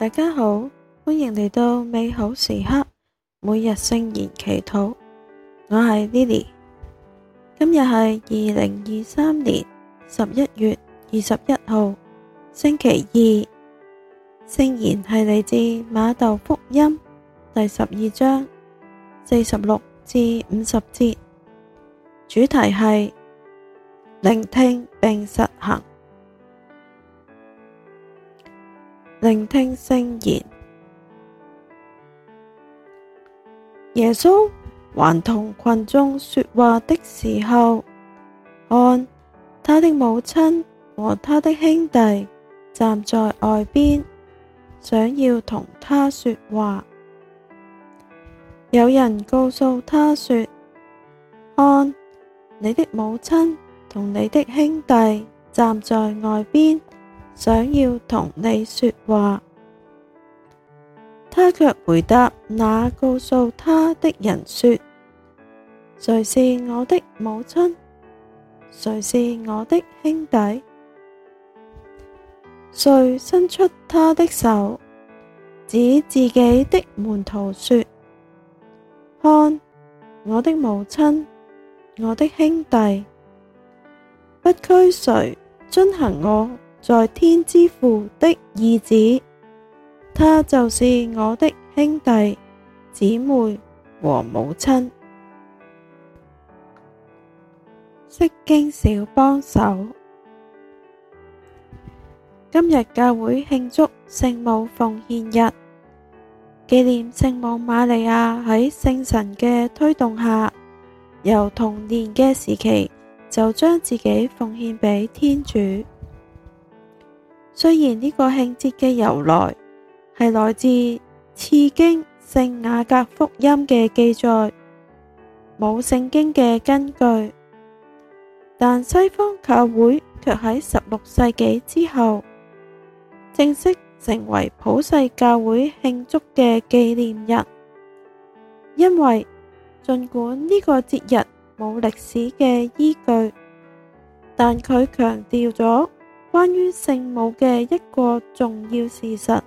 大家好，歡迎嚟到美好時刻，每日聖言祈禱。我係 Lily，今日係二零二三年十一月二十一號星期二，聖言係嚟自馬竇福音第十二章四十六至五十節，主題係聆聽並實行。聆聽聖言。耶穌還同群眾說話的時候，看他的母親和他的兄弟站在外邊，想要同他說話。有人告訴他說：看，你的母親同你的兄弟站在外邊。想要同你說話，他卻回答：那告訴他的人說，誰是我的母親，誰是我的兄弟？遂伸出他的手，指自己的門徒說：看，我的母親，我的兄弟，不拘誰，遵行我。在天之父的意旨，他就是我的兄弟、姊妹和母親。釋經小幫手，今日教會慶祝聖母奉獻日，紀念聖母瑪利亞喺聖神嘅推動下，由童年嘅時期就將自己奉獻畀天主。雖然呢個慶節嘅由來係來自《次經聖雅格福音》嘅記載，冇聖經嘅根據，但西方教會卻喺十六世紀之後，正式成為普世教會慶祝嘅紀念日。因為儘管呢個節日冇歷史嘅依據，但佢強調咗，關於聖母嘅一個重要事實，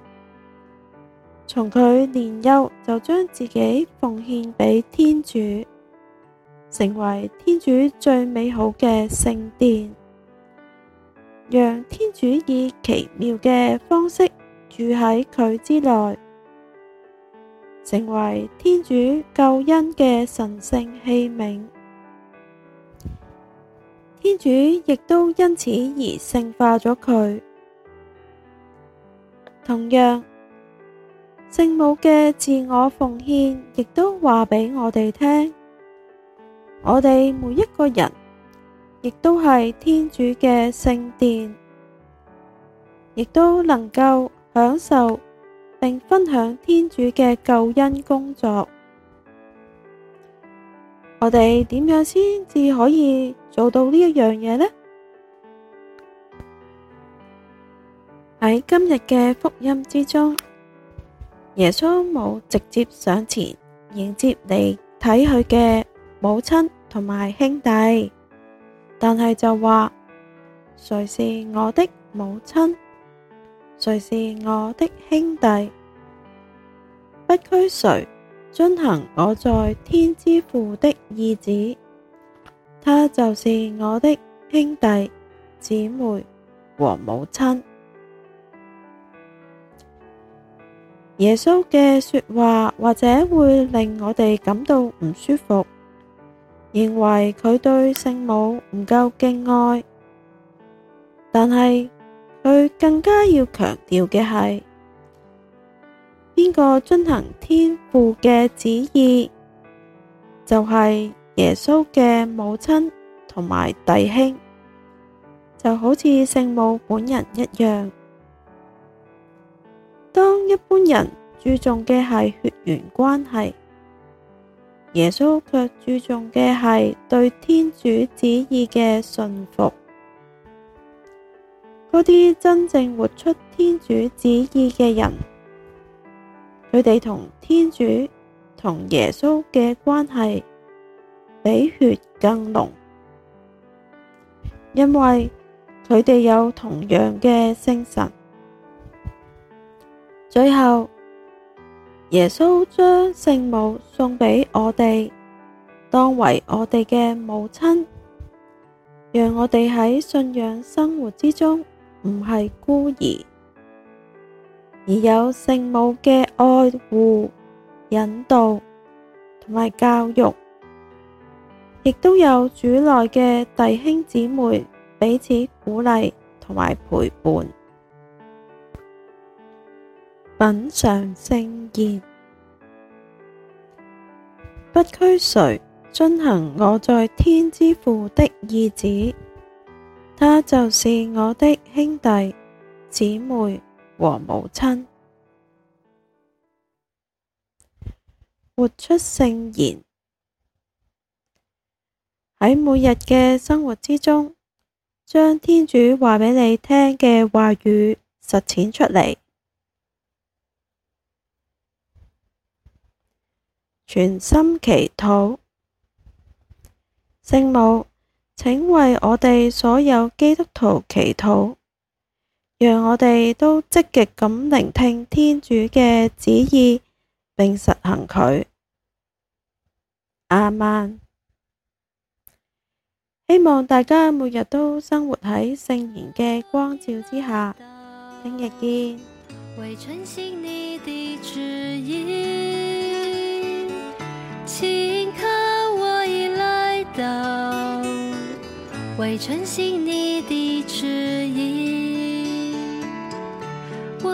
從佢年幼就將自己奉獻畀天主，成為天主最美好嘅聖殿，讓天主以奇妙嘅方式住喺佢之內，成為天主救恩嘅神聖器皿。天主亦都因此而聖化咗佢，同樣，聖母嘅自我奉獻，亦都話俾我哋聽，我哋每一個人，亦都係天主嘅聖殿，亦都能夠享受並分享天主嘅救恩工作。我哋點樣先至可以做到呢一樣嘢呢？喺今日嘅福音之中，耶穌冇直接上前迎接嚟睇佢嘅母親同埋兄弟，但係就話：誰是我的母親？誰是我的兄弟？不拘誰？遵行我在天之父的意旨，他就是我的兄弟、姊妹和母親。耶穌嘅說話或者會令我哋感到唔舒服，認為佢對聖母唔夠敬愛，但係佢更加要強調嘅係，邊個遵行天父嘅旨意，就係耶穌嘅母親同埋弟兄，就好似聖母本人一樣。當一般人注重嘅係血緣關係，耶穌卻注重嘅係對天主旨意嘅順服。嗰啲真正活出天主旨意嘅人，佢哋同天主、同耶穌嘅關係比血更濃，因為佢哋有同樣嘅聖神。最後，耶穌將聖母送畀我哋，當為我哋嘅母親，讓我哋喺信仰生活之中唔係孤兒，而有聖母嘅愛護、引導同埋教育，亦都有主內嘅弟兄姊妹彼此鼓勵同埋陪伴。品嚐聖言， 不拘誰遵行我在天之父的意旨，他就是我的兄弟姊妹、和母親活出聖言，喺每日嘅生活之中，將天主話畀你聽嘅話語實踐出嚟，全心祈禱。聖母，請為我哋所有基督徒祈禱。讓我哋都積極咁聆聽天主嘅旨意，並實行佢。阿曼，希望大家每日都生活喺聖言嘅光照之下。聽日見樂。